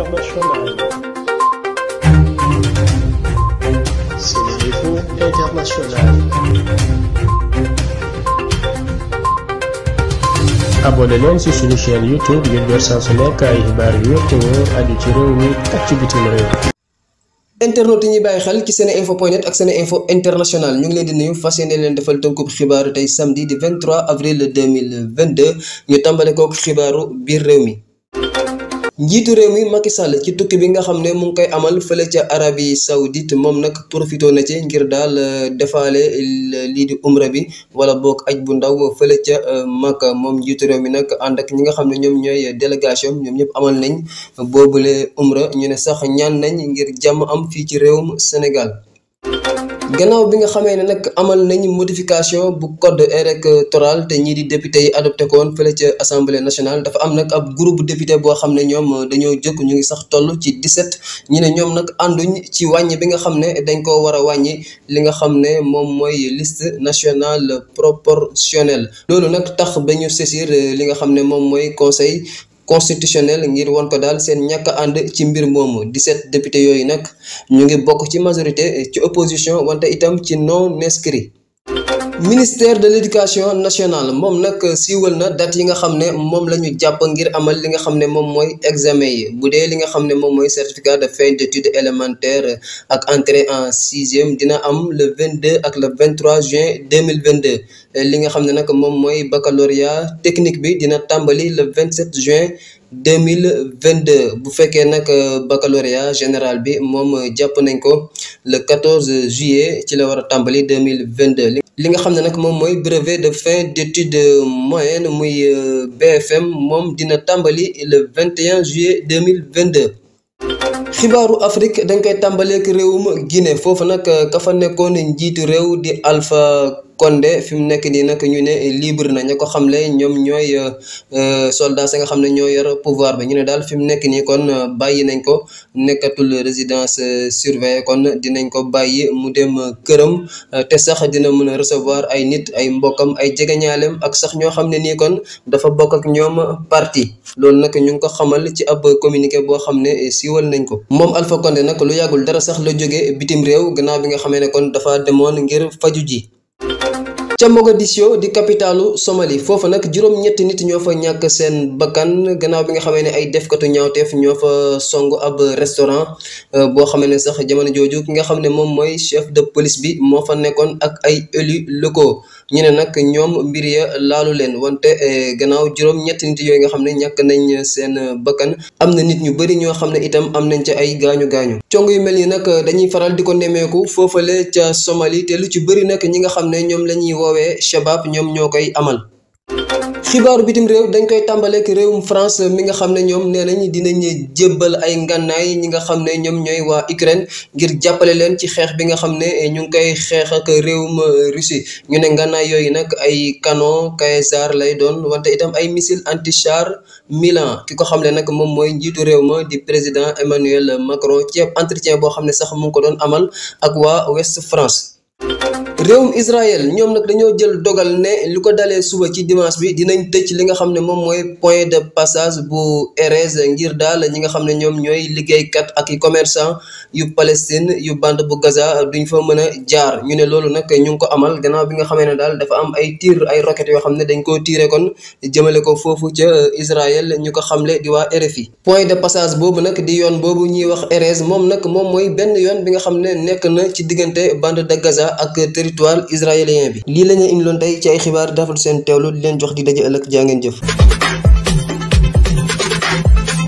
internationale. SeneInfo International. abonné leen ci suñu chaîne YouTube ngir jot saa su nekk ay xibaar yu wér te ci réew mi ak ci bitim réew. internet yi bàyyi xel ci sene info net ak sene info international ñu ngi leen di nuyu fas yéene leen defal tënkub xibaaru tey samedi di 23 avril 2022 ñu tàmbale kook xibaaru biir réew mi njiitu réew mi Macky Sall ci tukki bi nga xam ne mu ngi koy amal fële ca Arabie Saoudite moom nag profité na ci ngir daal euh, defaale lii di umra bi wala boog aj bu ndaw fële ca euh, Makka moom njiitu réew mi nag ànd ak ñi nga xam ne ñoom ñooy délégation ñoom ñëpp amal nañ boobule umra ñu ne sax ñaan nañ ngir jàmm am fii ci réewum Sénégal. gannaaw bi nga xamee ne nag amal nañu modification bu code électoral te ñii di député yi adopté ko woon fële ca assemblée nationale dafa am nag ab groupe député boo xam ne ñoom dañoo jëkk ñu ngi sax toll ci 17 ñu ne ñoom nag ànduñ ci wàññi bi nga xam ne dañ koo war a wàññi li nga xam ne moom mooy liste nationale proportionnelle loolu nag tax bañu ñu li nga xam ne moom mooy conseil constitutionnel ngir won ko daal seen ñàkk ànd ci mbir moomu di set député yooyu nag ñu ngi bokk ci majorité ci opposition wante itam ci non inscrit ministère de l'éducation nationale moom nag siiwal na date yi nga xam ne moom la ñu jàpp ngir amal li nga xam ne moom mooy examen yi bu dee li nga xam ne moom mooy certificat de fin d'études élémentaires ak entrée en sixième dina am le 22 ak le 23 juin 2022 li nga xam ne nag moom mooy baccalauréat technique bi dina tàmbali le 27 juin. deux mille vingt deux bu fekkee nag euh, baccalauréat général bi moom euh, jàpp nañ ko le quatorze juillet ci la war a tàmbali deux mille vingt deux li nga xam ne nag moom mooy brevet de fin d'études moyenne muy euh, BFM moom dina tàmbali le vingt et un juillet vingt deux xibaaru Afrique dañ koy tàmbaleek réewum Guinée foofu nag ka fa nekkoon njiitu réew di Alpha Condé fi mu nekk nii nag ñu ne libre na ña ko xamle ñoom ñooy euh, euh, soldats yi nga xam ne ñoo yor pouvoir bi ñu ne daal fi mu nekk nii kon euh, bàyyi nañ ko nekkatul résidence surveillée kon dinañ ko bàyyi mu dem këram te sax dina mën a recevoir ay nit ay mbokkam ay jegeñaaleem ak sax ñoo xam ne nii kon dafa bokk ak ñoom parti loolu nag ñu ngi ko xamal ci ab communiqué boo xam ne eh, siiwal nañ ko moom Alpha Condé nag lu yàggul dara sax la jóge bitim réew gannaaw bi nga xamee ne kon dafa demoon ngir faju ji ca Mogadiscio di capitalu Somalie foofa nag juróom-ñetti nit ñoo fa ñàkk seen bakkan gannaaw bi nga xamee ne ay defkatu ñaawteef ñoo fa song ab restaurant euh, boo xamee ne sax jamono jooju ki nga xam ne moom mooy chef de police bi moo fa nekkoon ak ay élus locaux. ñu ne nag ñoom mbir ya laalu leen wante eh, gannaaw juróom ñetti nit yooyu nga xam ne ñàkk nañ seen bakkan am na nit ñu bëri ñoo xam ne itam am nañ ca ay gaañu gaañu cong yu mel ni nag dañuy faral di ko nemmeeku foofale ca Somalie te lu ci bëri nag ñi nga xam ne ñoom la ñuy woowee Shabab ñoom ñoo koy amal xibaaru bitim réew dañ koy tàmbaleek réewum France mi nga xam ne ñoom nee nañ dinañ jébbal ay ngànnaay ñi nga xam ne ñoom ñooy waa Ukraine ngir jàppale leen ci xeex bi nga xam ne ñu ngi koy xeex ak réewum russi ñu ne ngànnaay yooyu nag ay canon Caesar lay doon wante itam ay missile antichar char Milan ki ko xam ne nag moom mooy njiitu réew ma di président Emmanuel Macron ci ab entretien boo xam ne sax mu ko doon amal ak waa West France. réewum Israël ñoom nag dañoo jël dogal ne lu ko dalee suba ci dimanche bi dinañ tëj li nga xam ne moom mooy point de passage bu Erez ngir daal ñi nga xam ne ñoom ñooy liggéeykat ak i commercant yu Palestine yu bande bu Gaza duñ fa mën a jaar ñu ne loolu nag ñu ngi ko amal gannaaw bi nga xamee ne daal dafa am ay tir ay roquettes yoo xam ne dañ koo tiire kon jëmale ko foofu ca Israël ñu ko xamle di waa RFI point de passage boobu nag di yoon boobu ñuy wax Erez moom nag moom mooy benn yoon bi nga xam ne nekk na ci diggante bande de Gaza. ak territoire israélien bi lii la ñu indiloon tey ci ay xibaar dafa seen teewlu di leen jox di daje ëllëg jaa ngeen jëf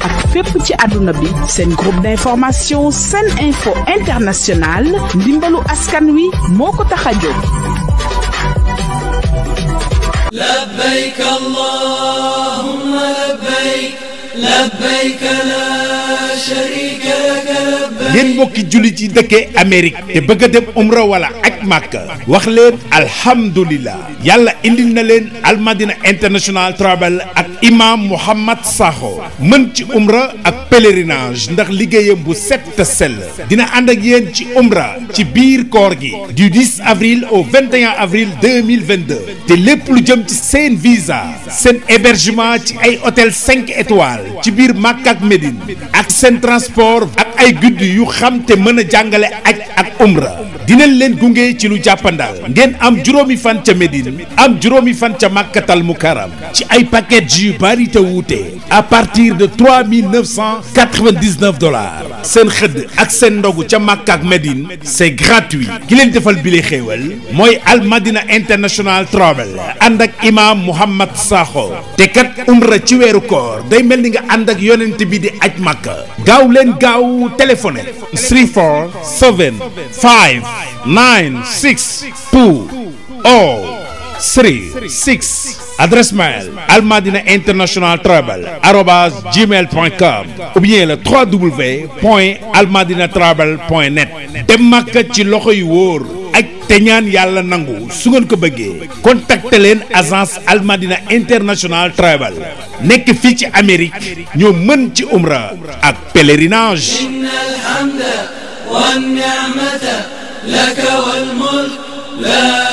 ak fépp ci àdduna bi seen groupe d'information seen info international ndimbalu askan wi moo ko tax a jóg. labbayk allahumma labbayk labbayk laa sharika laka te bëgg a wala ak màkk wax leen alhamdulillah yàlla indil na leen almadina international travel imam Mouhamad Sakho mën ci umra ak pèlerinage ndax liggéeyam bu set te sell dina ànd ak yéen ci umra ci biir koor gi du 10 avril au 21 avril 2022 te lépp lu jëm ci seen visa seen hébergement ci ay hôtel 5 étoiles ci biir Makka ak Médine ak seen transport ak ay guddi yu xam te mën a jàngale aj ak umra dinañ leen gunge ci lu jàppandaal ngeen am juróomi fan ca Médine am juróomi fan ca Makkatal Mukaram ci ay paquets yu bari te wuute à partir de 3999 dollars seen xëdd ak seen ndogu ca Makka ak Médine c'est gratuit ki leen defal bile xéewal mooy Al Madina International Travel ànd ak imam Mouhamad Sakho te kat umra ci weeru koor day mel ni nga ànd ak yonent bi di aj Makka gaaw leen gaaw téléphoné 34 7 nine six two oh three six adresse mail almadina international travel arobase gmail point com ou bien le www point almadina travel point net dem Makka ci loxo yu wóor ak teñaan ñaan yàlla nangu su ngeen ko bëggee contacter leen agence almadina international trabal nekk fii ci Amérique ñoo mën ci umra ak pèlerinage لك والملك لا